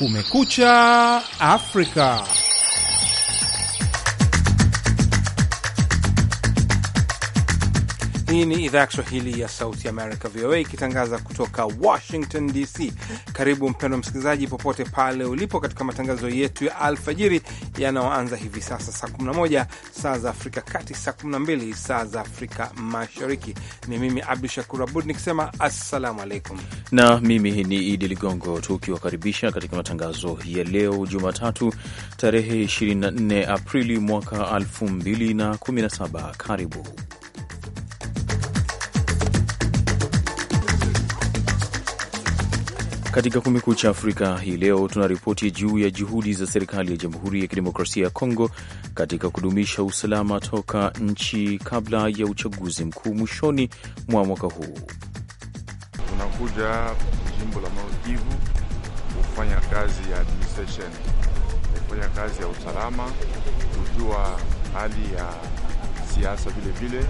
Kumekucha Afrika. Hii ni idhaa ya Kiswahili ya Sauti Amerika, VOA, ikitangaza kutoka Washington DC. Karibu mpendwa msikilizaji, popote pale ulipo, katika matangazo yetu ya alfajiri yanayoanza hivi sasa saa 11 saa za Afrika Kati, saa 12 saa za Afrika Mashariki. Ni mimi Abdu Shakur Abud nikisema assalamu alaikum, na mimi ni Idi Ligongo, tukiwakaribisha katika matangazo ya leo Jumatatu tarehe 24 Aprili mwaka 2017. Karibu Katika Kumekucha Afrika hii leo tunaripoti juu ya juhudi za serikali ya Jamhuri ya Kidemokrasia ya Kongo katika kudumisha usalama toka nchi kabla ya uchaguzi mkuu mwishoni mwa mwaka huu. tunakuja jimbo la Maokivu kufanya kazi ya administration, kufanya kazi ya usalama, kujua hali ya siasa vilevile vile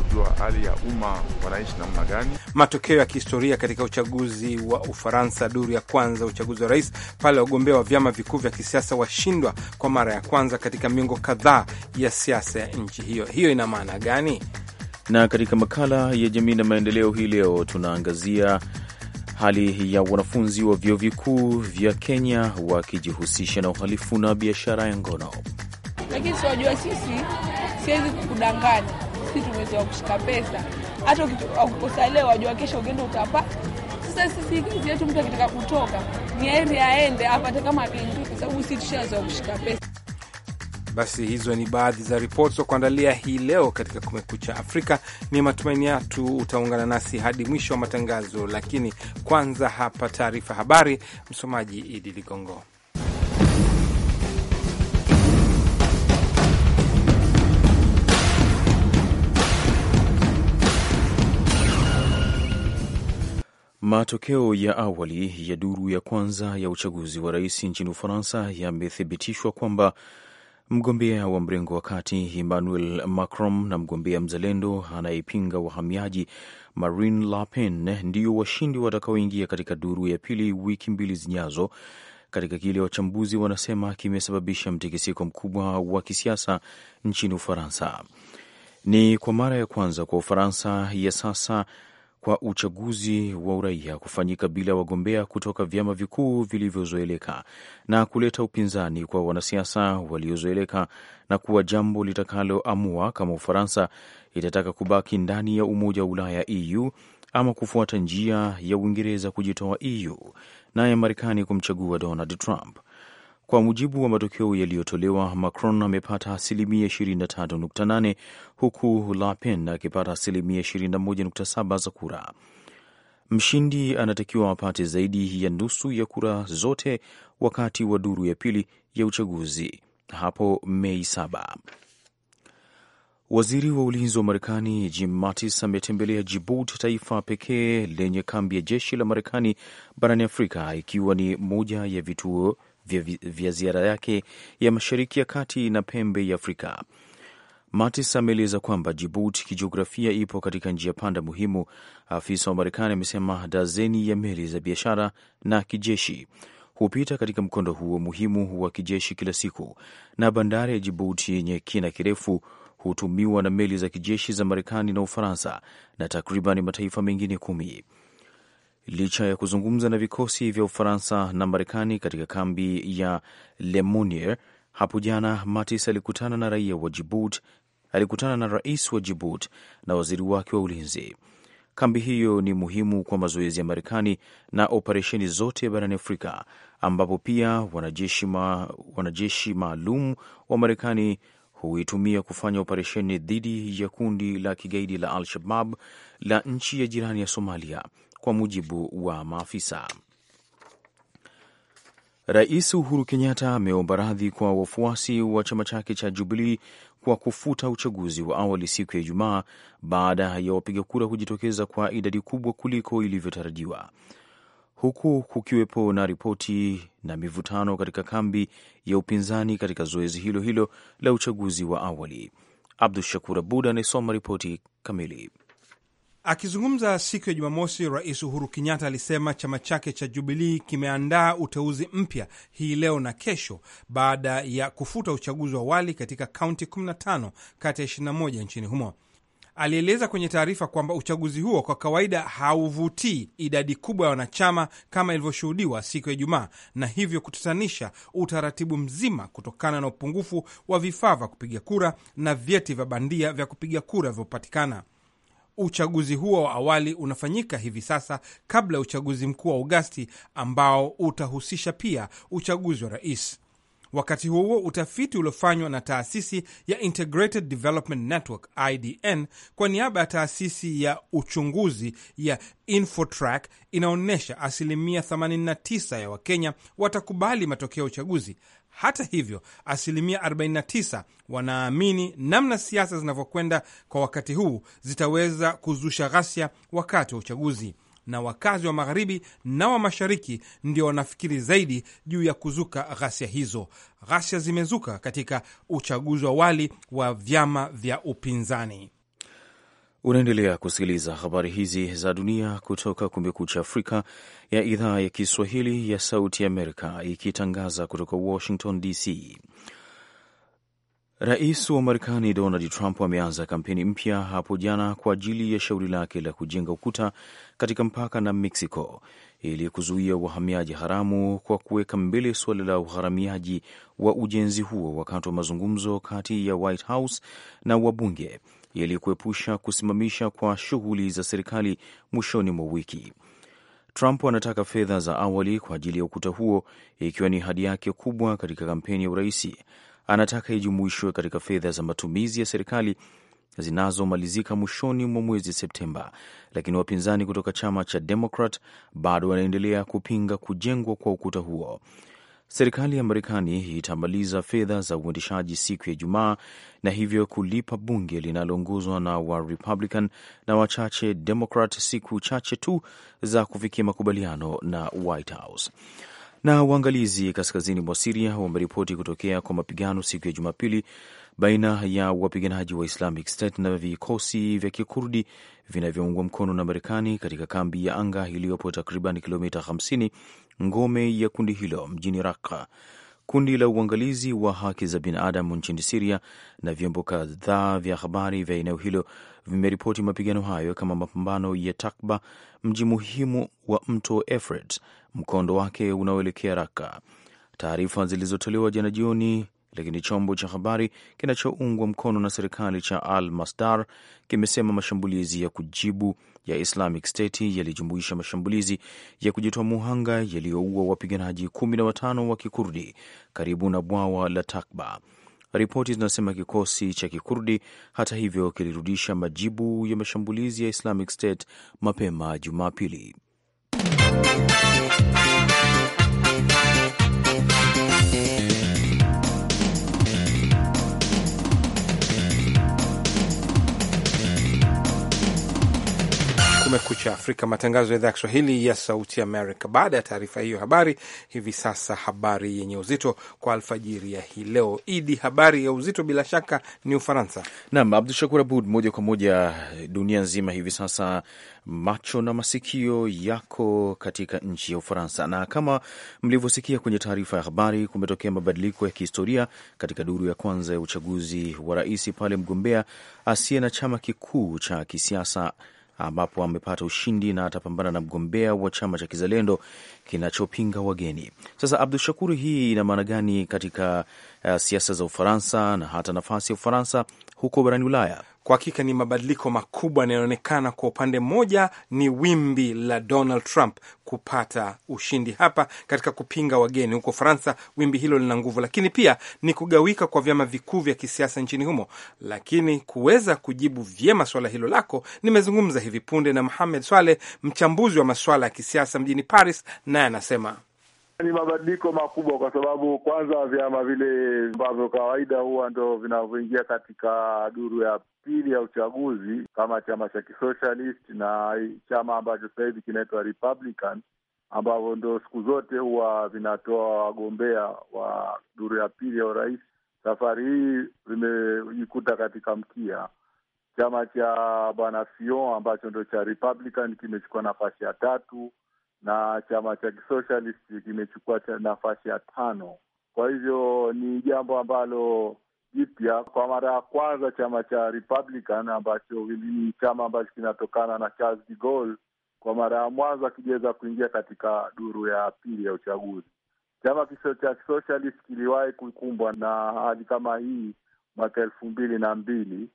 kujua hali ya umma wanaishi namna gani. Matokeo ya kihistoria katika uchaguzi wa Ufaransa, duru ya kwanza uchaguzi wa rais, pale wagombea wa vyama vikuu vya kisiasa washindwa kwa mara ya kwanza katika miongo kadhaa ya siasa ya nchi hiyo. Hiyo ina maana gani? Na katika makala ya jamii na maendeleo hii leo tunaangazia hali ya wanafunzi wa vyuo vikuu vya Kenya wakijihusisha na uhalifu na biashara ya ngono. Lakini siwajua sisi, siwezi kukudanganya sisi tumezoea kushika pesa, hata ukikosa leo wajua kesho ukienda utapata. Sasa sisi kazi yetu, mtu akitaka kutoka ni heri aende apate kama abiingi, kwa sababu sisi tushazoea kushika pesa. Basi hizo ni baadhi za ripoti za kuandalia hii leo katika Kumekucha Afrika. Ni matumaini yetu utaungana nasi hadi mwisho wa matangazo, lakini kwanza hapa taarifa habari, msomaji Idi Ligongo. Matokeo ya awali ya duru ya kwanza ya uchaguzi wa rais nchini Ufaransa yamethibitishwa kwamba mgombea wa mrengo wa kati Emmanuel Macron na mgombea mzalendo anayepinga wahamiaji Marine Le Pen ndio washindi watakaoingia katika duru ya pili wiki mbili zijazo, katika kile wachambuzi wanasema kimesababisha mtikisiko mkubwa wa kisiasa nchini Ufaransa. Ni kwa mara ya kwanza kwa Ufaransa ya sasa kwa uchaguzi wa uraia kufanyika bila wagombea kutoka vyama vikuu vilivyozoeleka na kuleta upinzani kwa wanasiasa waliozoeleka na kuwa jambo litakaloamua kama Ufaransa itataka kubaki ndani ya Umoja wa Ulaya EU ama kufuata njia ya Uingereza kujitoa EU, naye Marekani kumchagua Donald Trump. Kwa mujibu wa matokeo yaliyotolewa, Macron amepata asilimia 23.8 huku Le Pen akipata asilimia 21.7 za kura. Mshindi anatakiwa apate zaidi ya nusu ya kura zote wakati wa duru ya pili ya uchaguzi hapo Mei 7. Waziri wa ulinzi wa Marekani Jim Mattis ametembelea jibut taifa pekee lenye kambi ya jeshi la Marekani barani Afrika, ikiwa ni moja ya vituo vya, vya ziara yake ya Mashariki ya Kati na Pembe ya Afrika. Mattis ameeleza kwamba Jibuti kijiografia ipo katika njia panda muhimu. Afisa wa Marekani amesema dazeni ya meli za biashara na kijeshi hupita katika mkondo huo muhimu wa kijeshi kila siku, na bandari ya Jibuti yenye kina kirefu hutumiwa na meli za kijeshi za Marekani na Ufaransa na takriban mataifa mengine kumi licha ya kuzungumza na vikosi vya Ufaransa na Marekani katika kambi ya Lemunier hapo jana. matis alikutana na raia wa Jibut, alikutana na rais wa jibut na waziri wake wa ulinzi. Kambi hiyo ni muhimu kwa mazoezi ya Marekani na operesheni zote barani Afrika, ambapo pia wanajeshi, ma, wanajeshi maalum wa Marekani huitumia kufanya operesheni dhidi ya kundi la kigaidi la Al-Shabab la nchi ya jirani ya Somalia kwa mujibu wa maafisa. Rais Uhuru Kenyatta ameomba radhi kwa wafuasi wa chama chake cha Jubilii kwa kufuta uchaguzi wa awali siku ya Ijumaa baada ya wapiga kura kujitokeza kwa idadi kubwa kuliko ilivyotarajiwa, huku kukiwepo na ripoti na mivutano katika kambi ya upinzani katika zoezi hilo hilo la uchaguzi wa awali. Abdu Shakur Abud anayesoma ripoti kamili. Akizungumza siku ya Jumamosi, Rais Uhuru Kenyatta alisema chama chake cha Jubilii kimeandaa uteuzi mpya hii leo na kesho baada ya kufuta uchaguzi wa awali katika kaunti 15 kati ya 21 nchini humo. Alieleza kwenye taarifa kwamba uchaguzi huo kwa kawaida hauvutii idadi kubwa ya wanachama kama ilivyoshuhudiwa siku ya Ijumaa, na hivyo kutatanisha utaratibu mzima kutokana na upungufu wa vifaa vya kupiga kura na vyeti vya bandia vya kupiga kura vilivyopatikana uchaguzi huo wa awali unafanyika hivi sasa kabla ya uchaguzi mkuu wa Agosti ambao utahusisha pia uchaguzi wa rais. Wakati huo utafiti uliofanywa na taasisi ya Integrated Development Network IDN kwa niaba ya taasisi ya uchunguzi ya Infotrack inaonyesha asilimia 89 ya Wakenya watakubali matokeo ya uchaguzi, hata hivyo, asilimia 49 wanaamini namna siasa zinavyokwenda kwa wakati huu zitaweza kuzusha ghasia wakati wa uchaguzi, na wakazi wa magharibi na wa mashariki ndio wanafikiri zaidi juu ya kuzuka ghasia hizo. Ghasia zimezuka katika uchaguzi wa awali wa vyama vya upinzani. Unaendelea kusikiliza habari hizi za dunia kutoka Kumekucha Afrika ya idhaa ya Kiswahili ya Sauti Amerika ikitangaza kutoka Washington DC. Rais wa Marekani Donald Trump ameanza kampeni mpya hapo jana kwa ajili ya shauri lake la kujenga ukuta katika mpaka na Mexico ili kuzuia uahamiaji haramu kwa kuweka mbele suala la uharamiaji wa ujenzi huo wakati wa mazungumzo kati ya White House na wabunge yaliyokuepusha kusimamisha kwa shughuli za serikali mwishoni mwa wiki. Trump anataka fedha za awali kwa ajili ya ukuta huo, ikiwa ni hadi yake kubwa katika kampeni ya uraisi. Anataka ijumuishwe katika fedha za matumizi ya serikali zinazomalizika mwishoni mwa mwezi Septemba, lakini wapinzani kutoka chama cha Demokrat bado wanaendelea kupinga kujengwa kwa ukuta huo. Serikali ya Marekani itamaliza fedha za uendeshaji siku ya Ijumaa na hivyo kulipa bunge linaloongozwa na wa Republican na wachache Democrat siku chache tu za kufikia makubaliano na White House. Na waangalizi kaskazini mwa Siria wameripoti kutokea kwa mapigano siku ya Jumapili baina ya wapiganaji wa Islamic State na vikosi vya kikurdi vinavyoungwa mkono na Marekani katika kambi ya anga iliyopo takriban kilomita 50 ngome ya kundi hilo mjini Raqqa. Kundi la uangalizi wa haki za binadamu nchini Siria na vyombo kadhaa vya habari vya eneo hilo vimeripoti mapigano hayo kama mapambano ya Takba, mji muhimu wa mto Efrat, mkondo wake unaoelekea Raka. Taarifa zilizotolewa jana jioni lakini chombo cha habari kinachoungwa mkono na serikali cha Al Masdar kimesema mashambulizi ya kujibu ya Islamic State yalijumuisha mashambulizi ya kujitoa muhanga yaliyoua wapiganaji kumi na watano wa kikurdi karibu na bwawa la Takba. Ripoti zinasema kikosi cha kikurdi hata hivyo kilirudisha majibu ya mashambulizi ya Islamic State mapema Jumapili. Kumekucha Afrika, matangazo ya idhaa ya Kiswahili ya Sauti Amerika. Baada ya taarifa hiyo habari, hivi sasa habari yenye uzito kwa alfajiri ya hii leo. Idi, habari ya uzito bila shaka ni Ufaransa. Naam, Abdu Shakur Abud, moja kwa moja dunia nzima hivi sasa macho na masikio yako katika nchi ya Ufaransa, na kama mlivyosikia kwenye taarifa ya habari, kumetokea mabadiliko ya kihistoria katika duru ya kwanza ya uchaguzi wa rais pale mgombea asiye na chama kikuu cha kisiasa ambapo amepata ushindi na atapambana na mgombea wa chama cha kizalendo kinachopinga wageni. Sasa Abdu Shakuru, hii ina maana gani katika Eh, siasa za Ufaransa na hata nafasi ya Ufaransa huko barani Ulaya. Kwa hakika ni mabadiliko makubwa yanayoonekana. Kwa upande mmoja ni wimbi la Donald Trump kupata ushindi hapa katika kupinga wageni huko Ufaransa, wimbi hilo lina nguvu, lakini pia ni kugawika kwa vyama vikuu vya kisiasa nchini humo. Lakini kuweza kujibu vyema swala hilo lako, nimezungumza hivi punde na muhamed Swaleh, mchambuzi wa masuala ya kisiasa mjini Paris, naye anasema ni mabadiliko makubwa kwa sababu kwanza vyama vile ambavyo kawaida huwa ndo vinavyoingia katika duru ya pili ya uchaguzi kama chama cha kisocialist na chama ambacho sasa hivi kinaitwa Republican ambavyo ndo siku zote huwa vinatoa wagombea wa duru ya pili ya urais. Safari hii vimejikuta katika mkia. Chama cha bwana Fillon ambacho ndo cha Republican kimechukua nafasi ya tatu na chama cha kisosialisti kimechukua nafasi ya tano. Kwa hivyo ni jambo ambalo jipya. Kwa mara ya kwanza chama cha Republican ambacho ni chama ambacho kinatokana na Charles de Gaulle, kwa mara ya mwanzo akijaweza kuingia katika duru ya pili ya uchaguzi. Chama cha kisosialisti kiliwahi kukumbwa na hali kama hii mwaka elfu mbili na mbili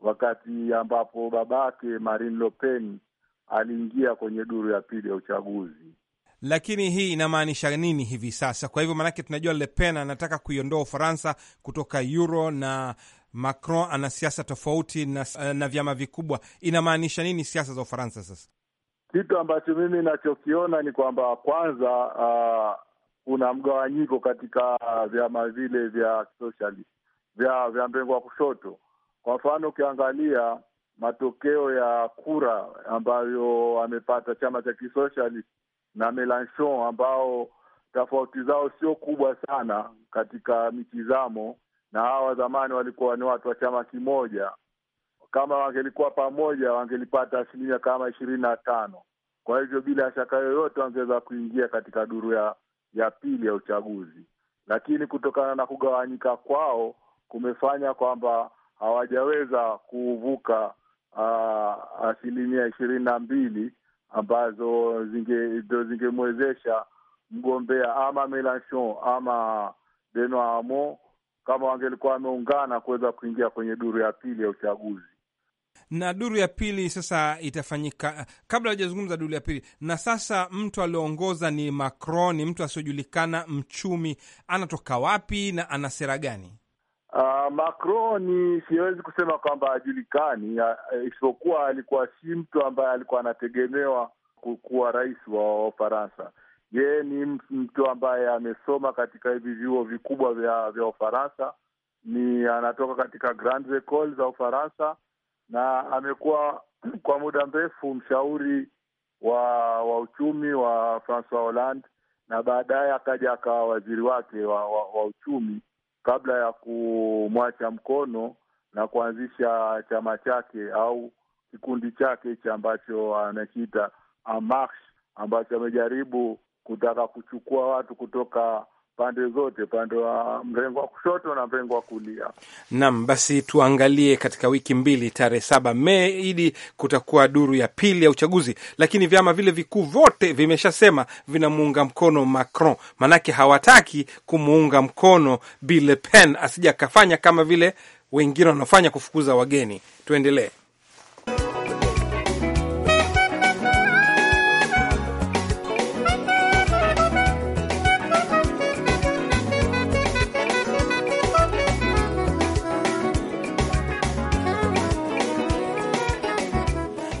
wakati ambapo babake Marine Le Pen aliingia kwenye duru ya pili ya uchaguzi. Lakini hii inamaanisha nini hivi sasa? Kwa hivyo maanake tunajua Le Pen anataka kuiondoa Ufaransa kutoka euro na Macron ana siasa tofauti na, eh, na vyama vikubwa. Inamaanisha nini siasa za Ufaransa sasa? Kitu ambacho mimi nachokiona ni kwamba kwanza, uh, kuna mgawanyiko katika vyama vile vya kisosialisti vya, vya mrengo wa kushoto. Kwa mfano ukiangalia matokeo ya kura ambayo amepata chama cha kisosialist na Melanchon ambao tofauti zao sio kubwa sana katika mitizamo, na hawa zamani walikuwa ni watu wa chama kimoja. Kama wangelikuwa pamoja, wangelipata asilimia kama ishirini na tano. Kwa hivyo, bila shaka yoyote wangeweza kuingia katika duru ya, ya pili ya uchaguzi, lakini kutokana na kugawanyika kwao kumefanya kwamba hawajaweza kuvuka uh, asilimia ishirini na mbili ambazo ndo zingemwezesha mgombea ama Melanchon ama Benoit Hamon kama wangelikuwa wameungana kuweza kuingia kwenye duru ya pili ya uchaguzi. Na duru ya pili sasa itafanyika kabla hajazungumza duru ya pili. Na sasa mtu alioongoza ni Macron, ni mtu asiyojulikana, mchumi, anatoka wapi na ana sera gani? Uh, Macron ni siwezi kusema kwamba hajulikani, eh, isipokuwa alikuwa si mtu ambaye alikuwa anategemewa kuwa rais wa Ufaransa. Yeye ni mtu ambaye amesoma katika hivi vyuo vikubwa vya vya Ufaransa, ni anatoka katika grand ecole za Ufaransa na amekuwa kwa muda mrefu mshauri wa wa uchumi wa Francois Hollande na baadaye akaja akawa waziri wake wa, wa, wa uchumi kabla ya kumwacha mkono na kuanzisha chama chake au kikundi chake hichi ambacho anakiita Amax ambacho amejaribu kutaka kuchukua watu kutoka pande zote, pande wa mrengo wa kushoto na mrengo wa kulia. Naam, basi tuangalie katika wiki mbili, tarehe saba Mei idi kutakuwa duru ya pili ya uchaguzi, lakini vyama vile vikuu vyote vimeshasema vinamuunga mkono Macron, manake hawataki kumuunga mkono Bi Le Pen asija akafanya kama vile wengine wanaofanya kufukuza wageni. Tuendelee.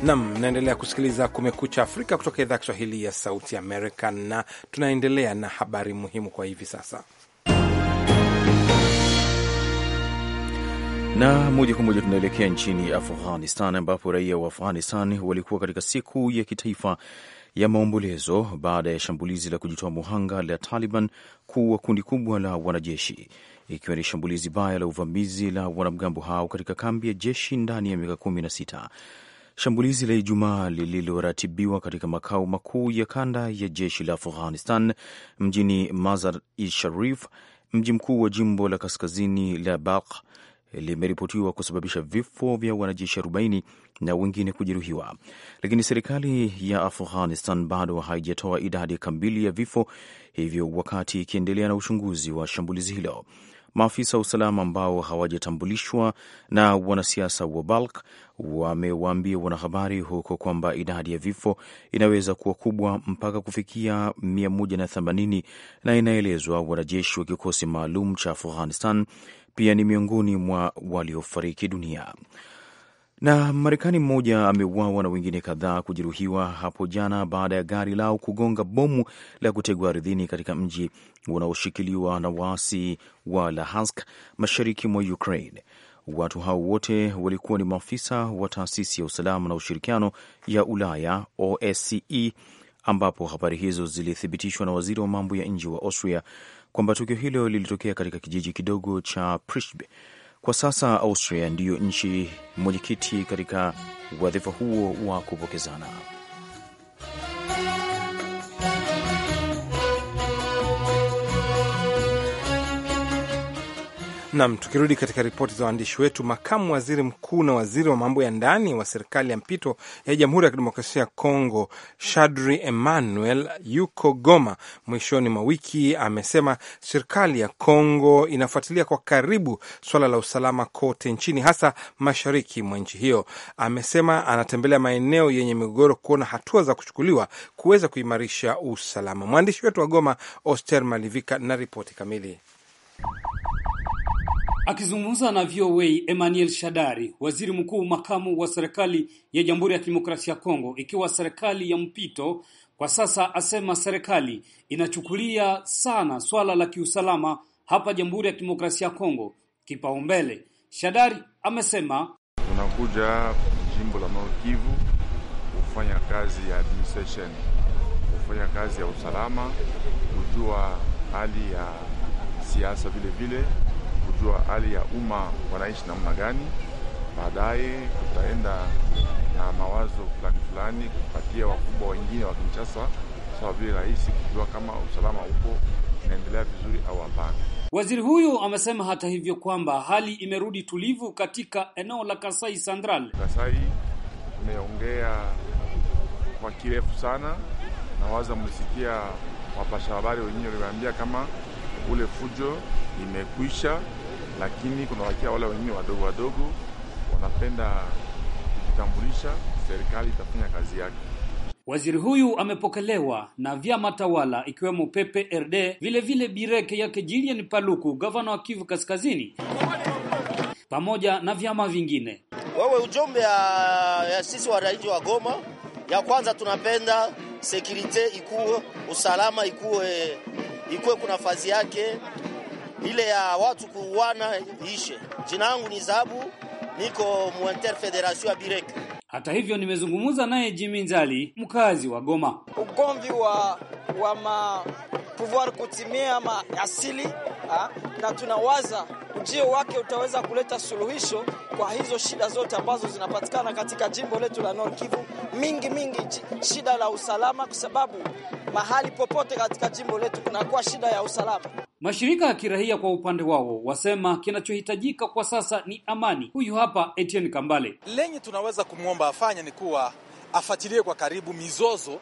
Nam, naendelea kusikiliza Kumekucha Afrika kutoka idhaa ya Kiswahili ya Sauti Amerika, na tunaendelea na habari muhimu kwa hivi sasa, na moja kwa moja tunaelekea nchini Afghanistan ambapo raia wa Afghanistan walikuwa katika siku ya kitaifa ya maombolezo baada ya shambulizi la kujitoa muhanga la Taliban kuwa kundi kubwa la wanajeshi, ikiwa ni shambulizi baya la uvamizi la wanamgambo hao katika kambi ya jeshi ndani ya miaka kumi na sita. Shambulizi la Ijumaa lililoratibiwa katika makao makuu ya kanda ya jeshi la Afghanistan mjini Mazar-i Sharif, mji mkuu wa jimbo la kaskazini la Balkh, limeripotiwa kusababisha vifo vya wanajeshi 40 na wengine kujeruhiwa, lakini serikali ya Afghanistan bado haijatoa idadi kamili ya vifo hivyo, wakati ikiendelea na uchunguzi wa shambulizi hilo. Maafisa wa usalama ambao hawajatambulishwa na wanasiasa wa Balk wamewaambia wanahabari huko kwamba idadi ya vifo inaweza kuwa kubwa mpaka kufikia 180 na inaelezwa wanajeshi wa kikosi maalum cha Afghanistan pia ni miongoni mwa waliofariki dunia. Na Marekani mmoja ameuawa na wengine kadhaa kujeruhiwa hapo jana baada ya gari lao kugonga bomu la kutegwa ardhini katika mji unaoshikiliwa na waasi wa Luhansk mashariki mwa Ukraine. Watu hao wote walikuwa ni maafisa wa taasisi ya usalama na ushirikiano ya Ulaya OSCE, ambapo habari hizo zilithibitishwa na waziri wa mambo ya nje wa Austria kwamba tukio hilo lilitokea katika kijiji kidogo cha Prishbe kwa sasa Austria ndiyo nchi mwenyekiti katika wadhifa huo wa kupokezana. Nam, tukirudi katika ripoti za waandishi wetu, makamu waziri mkuu na waziri wa mambo ya ndani wa serikali ya mpito ya Jamhuri ya Kidemokrasia ya Kongo, Shadri Emmanuel, yuko Goma mwishoni mwa wiki. Amesema serikali ya Kongo inafuatilia kwa karibu swala la usalama kote nchini, hasa mashariki mwa nchi hiyo. Amesema anatembelea maeneo yenye migogoro kuona hatua za kuchukuliwa kuweza kuimarisha usalama. Mwandishi wetu wa Goma, Oster Malivika, na ripoti kamili. Akizungumza na VOA, Emmanuel Shadari, waziri mkuu makamu wa serikali ya Jamhuri ya Kidemokrasia ya Kongo, ikiwa serikali ya mpito kwa sasa, asema serikali inachukulia sana swala la kiusalama hapa Jamhuri ya Kidemokrasia ya Kongo kipaumbele. Shadari amesema unakuja jimbo la Maokivu kufanya kazi ya administration, kufanya kazi ya usalama, kujua hali ya siasa vile vile kujua hali ya umma wanaishi namna gani. Baadaye tutaenda na mawazo fulani fulani kupatia wakubwa wengine wa Kinshasa, sawa vile rahisi kujua kama usalama upo unaendelea vizuri au hapana. Waziri huyu amesema hata hivyo kwamba hali imerudi tulivu katika eneo la Kasai Central. Kasai tumeongea kwa kirefu sana, na waza mlisikia wapasha habari wenyewe waliwaambia kama ule fujo imekwisha lakini kuna wakia wale wengine wadogo wadogo wanapenda kujitambulisha. Serikali itafanya kazi yake. Waziri huyu amepokelewa na vyama tawala ikiwemo PPRD, vile vile bireke yake Julian Paluku, gavana wa Kivu Kaskazini, pamoja na vyama vingine. Wewe ujumbe ya, ya sisi wananchi wa Goma, ya kwanza tunapenda sekirite ikuwe, usalama ikuwe, ikuwe kuna fazi yake ile ya watu kuuana ishe. Jina langu ni Zabu, niko muinter federation ya Birek. Hata hivyo nimezungumza naye Jimmy Nzali, mkazi wa Goma. Ugomvi wa wa ma pouvoir kutimia ma asili ha? na tunawaza ujio wake utaweza kuleta suluhisho kwa hizo shida zote ambazo zinapatikana katika jimbo letu la North Kivu, mingi mingi shida la usalama, kwa sababu mahali popote katika jimbo letu kunakuwa shida ya usalama. Mashirika ya kiraia kwa upande wao wasema kinachohitajika kwa sasa ni amani. Huyu hapa Etienne Kambale. Lenye tunaweza kumwomba afanye ni kuwa afuatilie kwa karibu mizozo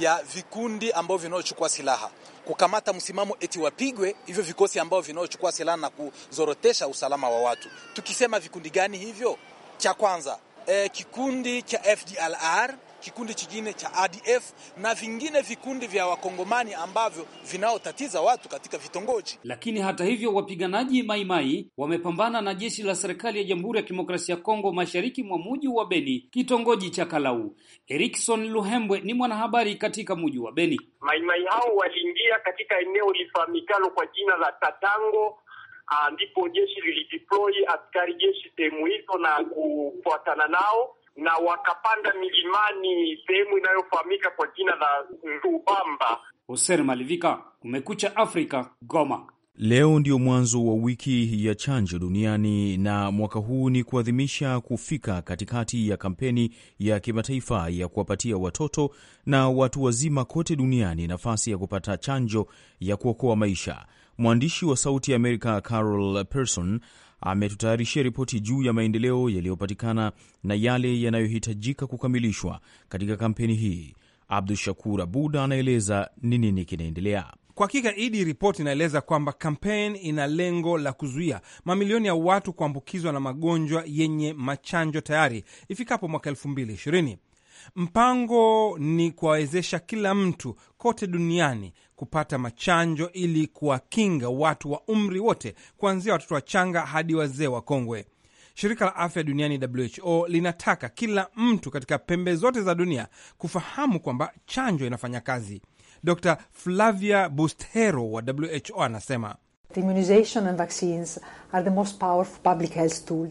ya vikundi ambavyo vinaochukua silaha kukamata msimamo eti wapigwe hivyo vikosi ambao vinaochukua silaha na kuzorotesha usalama wa watu. Tukisema vikundi gani hivyo? Cha kwanza e, kikundi cha FDLR kikundi chingine cha ADF na vingine vikundi vya wakongomani ambavyo vinaotatiza watu katika vitongoji. Lakini hata hivyo, wapiganaji maimai wamepambana na jeshi la serikali ya Jamhuri ya Kidemokrasia ya Kongo mashariki mwa muji wa Beni, kitongoji cha Kalau. Erikson Luhembwe ni mwanahabari katika muji wa Beni. Maimai hao waliingia katika eneo lifahamikalo kwa jina la Tatango ah, ndipo jeshi lilideploy askari jeshi sehemu hizo na kufuatana nao na wakapanda milimani sehemu inayofahamika kwa jina la rubamba Hoser Malivika, Kumekucha Afrika, Goma. Leo ndio mwanzo wa wiki ya chanjo duniani na mwaka huu ni kuadhimisha kufika katikati ya kampeni ya kimataifa ya kuwapatia watoto na watu wazima kote duniani nafasi ya kupata chanjo ya kuokoa maisha. Mwandishi wa Sauti ya Amerika Carol Person ametutayarishia ripoti juu ya maendeleo yaliyopatikana na yale yanayohitajika kukamilishwa katika kampeni hii. Abdu Shakur Abud anaeleza ni nini kinaendelea. Kwa hakika Idi, ripoti inaeleza kwamba kampeni ina lengo la kuzuia mamilioni ya watu kuambukizwa na magonjwa yenye machanjo tayari ifikapo mwaka 220 Mpango ni kuwawezesha kila mtu kote duniani kupata machanjo ili kuwakinga watu wa umri wote kuanzia watoto wachanga hadi wazee wakongwe. Shirika la afya duniani WHO linataka kila mtu katika pembe zote za dunia kufahamu kwamba chanjo inafanya kazi. Dr Flavia Bustero wa WHO anasema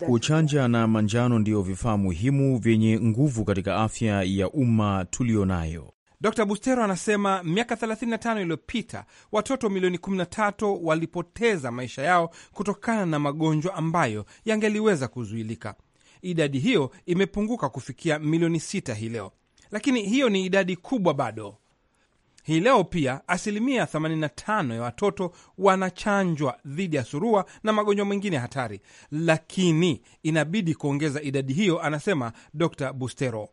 kuchanja na manjano ndiyo vifaa muhimu vyenye nguvu katika afya ya umma tuliyo nayo. Dr Bustero anasema miaka 35 iliyopita watoto milioni 13 walipoteza maisha yao kutokana na magonjwa ambayo yangeliweza kuzuilika. Idadi hiyo imepunguka kufikia milioni 6 hii leo, lakini hiyo ni idadi kubwa bado. Hii leo pia asilimia 85 ya watoto wanachanjwa dhidi ya surua na magonjwa mengine hatari, lakini inabidi kuongeza idadi hiyo, anasema Dr Bustero.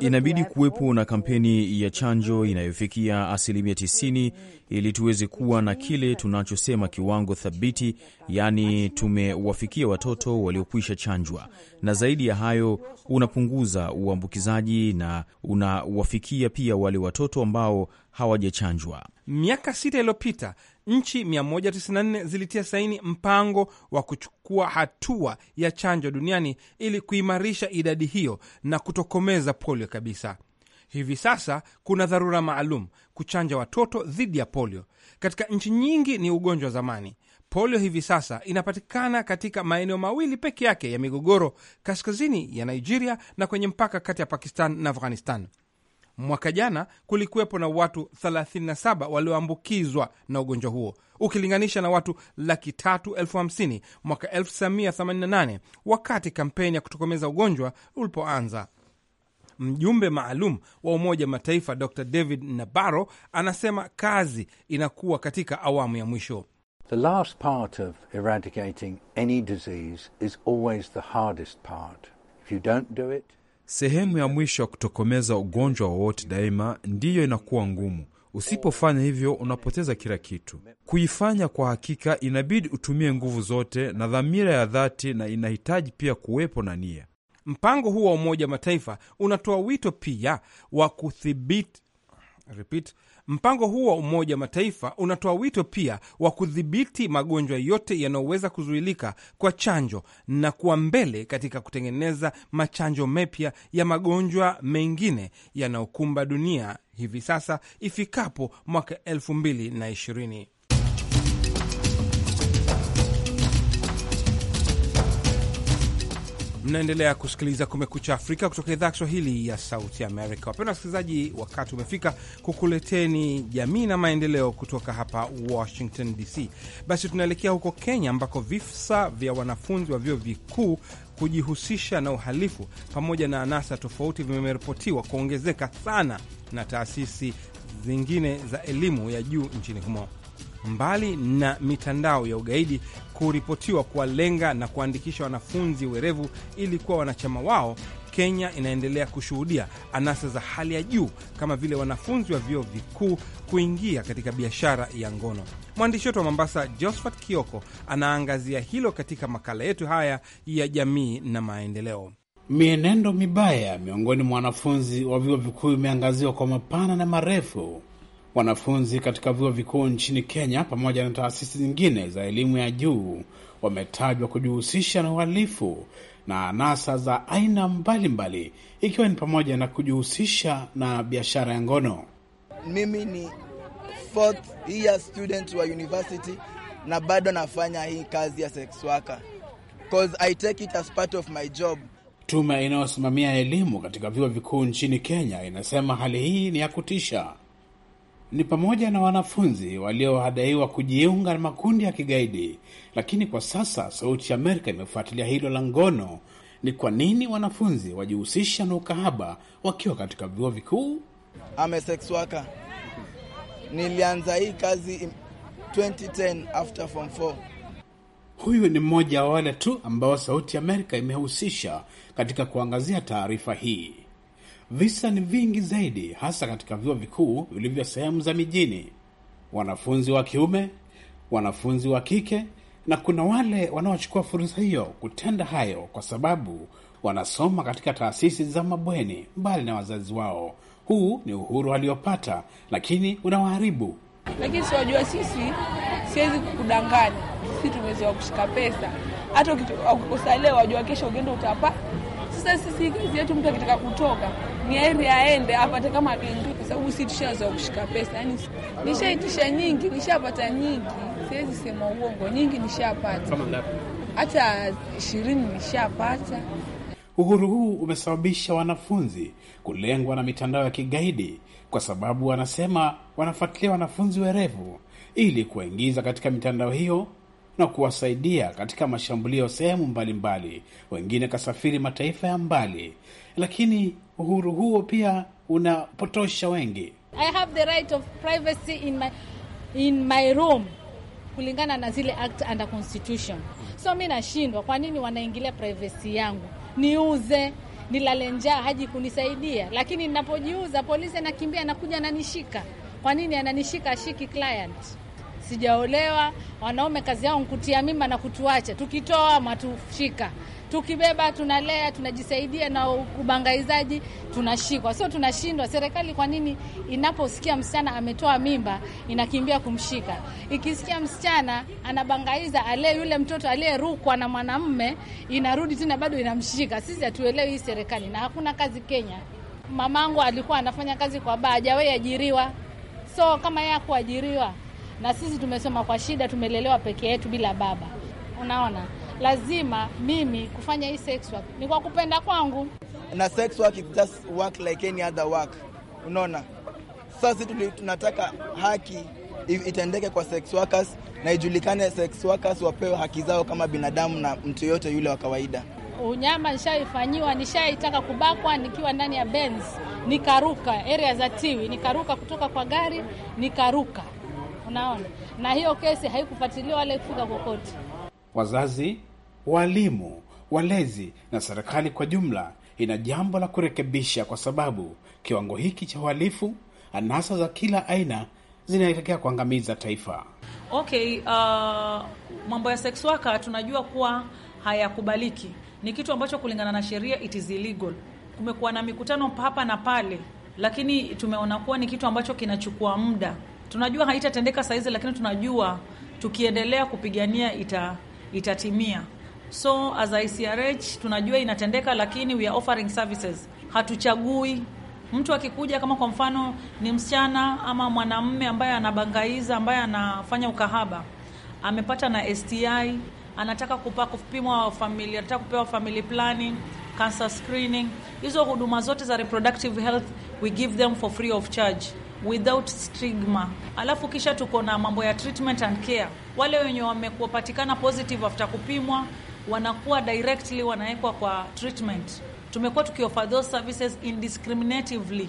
Inabidi kuwepo na kampeni ya chanjo inayofikia asilimia 90 ili tuweze kuwa na kile tunachosema kiwango thabiti, yaani tumewafikia watoto waliokwisha chanjwa, na zaidi ya hayo unapunguza uambukizaji na unawafikia pia wale watoto ambao hawajachanjwa. Miaka sita iliyopita nchi 194 zilitia saini mpango wa kuchukua hatua ya chanjo duniani ili kuimarisha idadi hiyo na kutokomeza polio kabisa. Hivi sasa kuna dharura maalum kuchanja watoto dhidi ya polio. Katika nchi nyingi ni ugonjwa wa zamani. Polio hivi sasa inapatikana katika maeneo mawili peke yake ya migogoro, kaskazini ya Nigeria na kwenye mpaka kati ya Pakistan na Afghanistan. Mwaka jana kulikuwepo na watu 37 walioambukizwa na ugonjwa huo ukilinganisha na watu laki tatu elfu hamsini mwaka 1988 wakati kampeni ya kutokomeza ugonjwa ulipoanza. Mjumbe maalum wa Umoja wa Mataifa Dr David Nabarro anasema kazi inakuwa katika awamu ya mwisho. The last part of eradicating any disease is always the hardest part. If you don't do it Sehemu ya mwisho ya kutokomeza ugonjwa wowote daima ndiyo inakuwa ngumu. Usipofanya hivyo, unapoteza kila kitu. Kuifanya kwa hakika, inabidi utumie nguvu zote na dhamira ya dhati, na inahitaji pia kuwepo na nia. Mpango huu wa Umoja wa Mataifa unatoa wito pia wa kudhibiti Mpango huo wa Umoja wa Mataifa unatoa wito pia wa kudhibiti magonjwa yote yanayoweza kuzuilika kwa chanjo na kuwa mbele katika kutengeneza machanjo mapya ya magonjwa mengine yanayokumba dunia hivi sasa ifikapo mwaka elfu mbili na ishirini. Mnaendelea kusikiliza Kumekucha Afrika kutoka idhaa ya Kiswahili ya Sauti Amerika. Wapenda wasikilizaji, wakati umefika kukuleteni jamii na maendeleo kutoka hapa Washington DC. Basi tunaelekea huko Kenya ambako visa vya wanafunzi wa vyuo vikuu kujihusisha na uhalifu pamoja na anasa tofauti vimeripotiwa kuongezeka sana na taasisi zingine za elimu ya juu nchini humo mbali na mitandao ya ugaidi kuripotiwa kuwalenga na kuandikisha wanafunzi werevu ili kuwa wanachama wao, Kenya inaendelea kushuhudia anasa za hali ya juu kama vile wanafunzi wa vyuo vikuu kuingia katika biashara ya ngono. Mwandishi wetu wa Mombasa, Josphat Kioko, anaangazia hilo katika makala yetu haya ya jamii na maendeleo. Mienendo mibaya miongoni mwa wanafunzi wa vyuo vikuu imeangaziwa kwa mapana na marefu Wanafunzi katika vyuo vikuu nchini Kenya pamoja na taasisi zingine za elimu ya juu wametajwa kujihusisha na uhalifu na anasa za aina mbalimbali, ikiwa ni pamoja na kujihusisha na biashara ya ngono. Mimi ni fourth year student wa university na bado nafanya hii kazi ya sex worker I take it as part of my job. Tume inayosimamia elimu katika vyuo vikuu nchini Kenya inasema hali hii ni ya kutisha ni pamoja na wanafunzi waliohadaiwa kujiunga na makundi ya kigaidi. Lakini kwa sasa Sauti ya Amerika imefuatilia hilo la ngono. Ni kwa nini wanafunzi wajihusisha na ukahaba wakiwa katika vyuo vikuu? Amesekswaka, nilianza hii kazi 2010 after form 4. Huyu ni mmoja wa wale tu ambao Sauti ya Amerika imehusisha katika kuangazia taarifa hii. Visa ni vingi zaidi, hasa katika vyuo vikuu vilivyo sehemu za mijini. Wanafunzi wa kiume, wanafunzi wa kike, na kuna wale wanaochukua fursa hiyo kutenda hayo kwa sababu wanasoma katika taasisi za mabweni mbali na wazazi wao. Huu ni uhuru waliopata, lakini unawaharibu. Lakini siwajua, sisi siwezi kukudanganya, sisi tumezoea kushika pesa. Hata ukikosa leo, wajua kesho, ukienda utapa. Sasa sisi kazi yetu, mtu akitaka kutoka ni heri aende apate kama bengi, kwa sababu si tushazoa kushika pesa. Yani nishaitisha nyingi, nishapata nyingi, siwezi sema uongo, nyingi nishapata, hata ishirini nishapata. Uhuru huu umesababisha wanafunzi kulengwa na mitandao ya kigaidi, kwa sababu wanasema wanafuatilia wanafunzi werevu ili kuwaingiza katika mitandao hiyo na kuwasaidia katika mashambulio sehemu mbalimbali. Wengine kasafiri mataifa ya mbali, lakini uhuru huo pia unapotosha wengi. I have the right of privacy in my, in my room kulingana na zile act under constitution. So mi nashindwa, kwa nini wanaingilia privacy yangu? Niuze nilale njaa, haji kunisaidia, lakini ninapojiuza polisi anakimbia, anakuja, ananishika. Kwa nini ananishika? Ashiki client Sijaolewa, wanaume kazi yao nkutia mimba na kutuacha, tukitoa matushika. Tukibeba tunalea, tunajisaidia na ubangaizaji tunashikwa, sio tunashindwa. Serikali kwa nini inaposikia msichana ametoa mimba inakimbia kumshika? Ikisikia msichana anabangaiza ale yule mtoto aliyerukwa na mwanamme, inarudi tena bado inamshika. Sisi hatuelewi hii serikali, na hakuna kazi Kenya. Mamangu alikuwa anafanya kazi kwa baa, hajawahi ajiriwa. So kama yeye hakuajiriwa, na sisi tumesoma kwa shida, tumelelewa peke yetu bila baba, unaona lazima mimi kufanya hii sex work ni kwa kupenda kwangu, na sex work is just work like any other work. Unaona, sasa tunataka haki itendeke kwa sex workers na ijulikane, sex workers wapewe haki zao kama binadamu na mtu yoyote yule wa kawaida. Unyama nishaifanyiwa, nishaitaka kubakwa nikiwa ndani ya Benz, nikaruka area za Tiwi, nikaruka kutoka kwa gari, nikaruka. Unaona, na hiyo kesi haikufuatiliwa wala kufika kokote. Wazazi walimu, walezi na serikali kwa jumla ina jambo la kurekebisha, kwa sababu kiwango hiki cha uhalifu, anasa za kila aina zinaelekea kuangamiza taifa. Okay, uh, mambo ya sex worker tunajua kuwa hayakubaliki, ni kitu ambacho kulingana na sheria it is illegal. Kumekuwa na mikutano hapa na pale, lakini tumeona kuwa ni kitu ambacho kinachukua muda. Tunajua haitatendeka sahizi lakini tunajua tukiendelea kupigania ita, itatimia. So as ICRH tunajua inatendeka, lakini we are offering services, hatuchagui mtu akikuja. Kama kwa mfano ni msichana ama mwanamme ambaye anabangaiza, ambaye anafanya ukahaba, amepata na STI, anataka kupa kupimwa familia, anataka kupewa family planning, cancer screening, hizo huduma zote za reproductive health we give them for free of charge without stigma. Alafu kisha tuko na mambo ya treatment and care, wale wenye wamekuwa positive after kupimwa wanakuwa directly wanawekwa kwa treatment. Tumekuwa tukioffer those services indiscriminatively.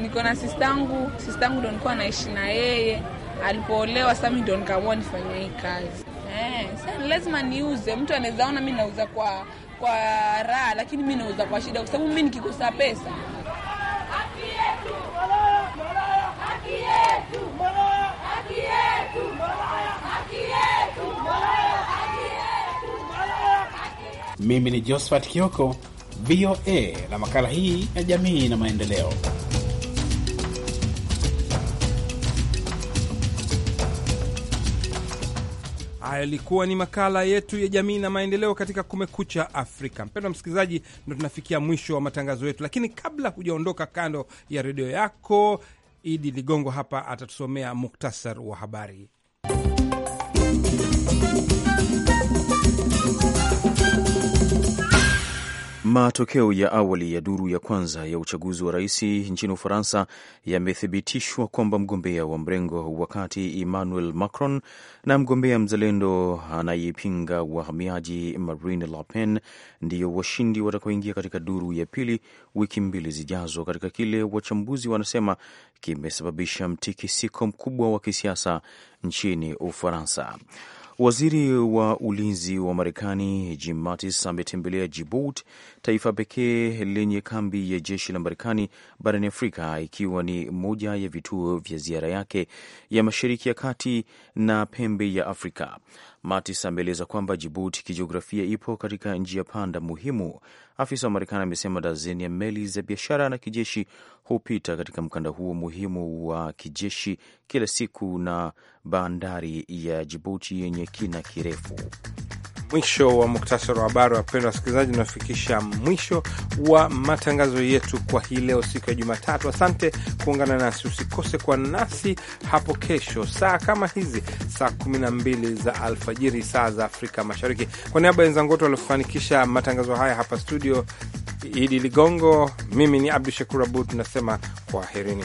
Niko na sistangu, sistangu ndo nikuwa naishi na yeye, alipoolewa sami ndo nikaamua nifanya hii kazi. Eh, sasa lazima niuze. Mtu anaweza ona mi nauza kwa kwa raha, lakini mi nauza kwa shida, kwa sababu mi nikikosa pesa Mimi ni Josphat Kioko, VOA, na makala hii ya jamii na maendeleo. Hayo ilikuwa ni makala yetu ya jamii na maendeleo katika Kumekucha Afrika. Mpendwa msikilizaji, ndo tunafikia mwisho wa matangazo yetu, lakini kabla hujaondoka kando ya redio yako, Idi Ligongo hapa atatusomea muktasar wa habari. Matokeo ya awali ya duru ya kwanza ya uchaguzi wa rais nchini Ufaransa yamethibitishwa kwamba mgombea wa mrengo wa kati Emmanuel Macron na mgombea mzalendo anayepinga wahamiaji Marine Le Pen ndiyo washindi watakaoingia katika duru ya pili wiki mbili zijazo, katika kile wachambuzi wanasema kimesababisha mtikisiko mkubwa wa kisiasa nchini Ufaransa. Waziri wa ulinzi wa Marekani Jim Mattis ametembelea Djibouti taifa pekee lenye kambi ya jeshi la Marekani barani Afrika, ikiwa ni moja ya vituo vya ziara yake ya Mashariki ya Kati na pembe ya Afrika. Mattis ameeleza kwamba Jibuti kijiografia ipo katika njia panda muhimu. Afisa wa Marekani amesema dazeni ya meli za biashara na kijeshi hupita katika mkanda huo muhimu wa kijeshi kila siku na bandari ya Jibuti yenye kina kirefu mwisho wa muktasari wa habari. Wapendwa wasikilizaji, unafikisha mwisho wa matangazo yetu kwa hii leo, siku ya Jumatatu. Asante kuungana nasi, usikose kwa nasi hapo kesho saa kama hizi, saa mbili za alfajiri, saa za Afrika Mashariki. Kwa niaba ya wenzangu wote waliofanikisha matangazo haya hapa studio, Idi Ligongo, mimi ni Abdu Shakur Abud, kwa kwaherini.